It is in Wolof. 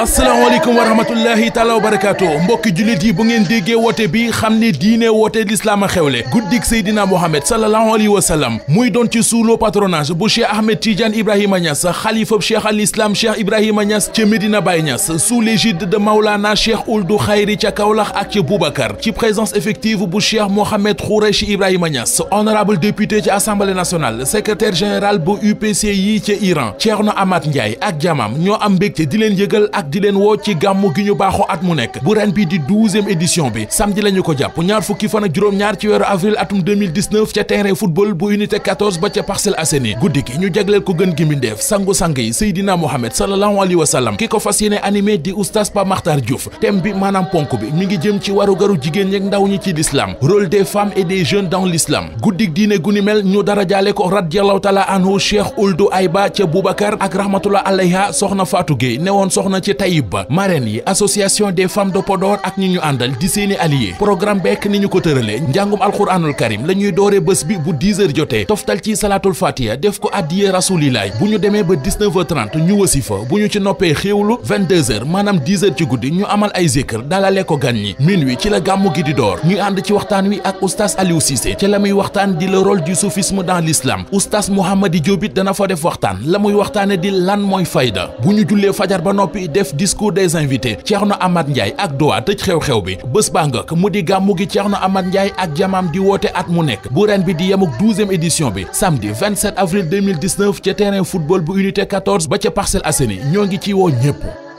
asalaamaaleykum wa rahmatullahi taala wa barakaatu mbokk julit yi bu ngeen déggee woote bi xam ne diine woote Seydina Mohamed sallallahu alayhi wa sallam muy doon ci sous patronage bu Cheikh Ahmed Tidiane Ibrahim Niass xalifab Cheikh al Islam Cheikh Ibrahim Niass ca Medina sous l'égide de Maulana Cheikh Uldu Khayri ca Kaolack ak ca présence effective bu Cheikh Mohamed Khoureychi Ibrahima honorable député ci assemblée nationale secrétaire général bu UPC yi Iran Thierno Amath Ndiaye ak jamaam ñoo am mbégte di leen ak di leen woo ci gàmmu gi ñu baaxoo at mu nekk bu ren bi di douzième édition bi samedi la ñu ko jàpp ñaar fukki fan ak juróom-ñaar ci weeru avril atum 2019 ca terrain football bu unité 14 ba ca Parcelles Assainies guddi gi ñu jagleel ko gën gi mbindeef sangu-sang yi Seydina Mohamed sallallahu alayhi wa ki ko fas yéene animé di oustaz Pa Makhtar Diouf thème bi maanaam ponk bi mi ngi jëm ci warugaru jigéen ñeek ndaw ñi ci l'islam rôle des femmes et des jeunes dans l'islam guddik jaale ko radiyallahu taala anhu Cheikh Ould Ayba ca Boubacar ak rahmatullah alayha Taïb Ba marraine yi association des femmes de Podor ak ñi ñu àndal di seeni alliés programme bekk ni ñu ko tëralee njàngum alxuraanul karim la ñuy dooree bés bi bu 10 jotee toftal ci salaatul fatiha def ko addiyee rasulilaay bu ñu demee ba 19 heures 30 ñu wasi fa bu ñu ci noppee xéewlu 22 heures maanaam 10 heures ci guddi ñu amal ay zikr dalalee ko gan ñi minuit ci la gàmmu gi di door ñuy ànd ci waxtaan wi ak oustaz Aliou Cissé ci la muy waxtaan di le rôle du soufisme dans l'islam oustaz Mouhamadi Diobit dana fa def waxtaan la muy waxtaane di lan mooy fayda ñu jullee fajar ba noppi def def discours des invités Thierno Amath Ndiaye ak Doha tëj xew-xew bi bés baa mu di gàmmu gi Thierno Amath Ndiaye ak jamaam di woote at mu nekk bu ren bi di yemuk douzième édition bi samedi 27 avril 2019 ca terrain football bu unité 14 ba ca Parcelles Assainies ñoo ngi ci woo ñëpp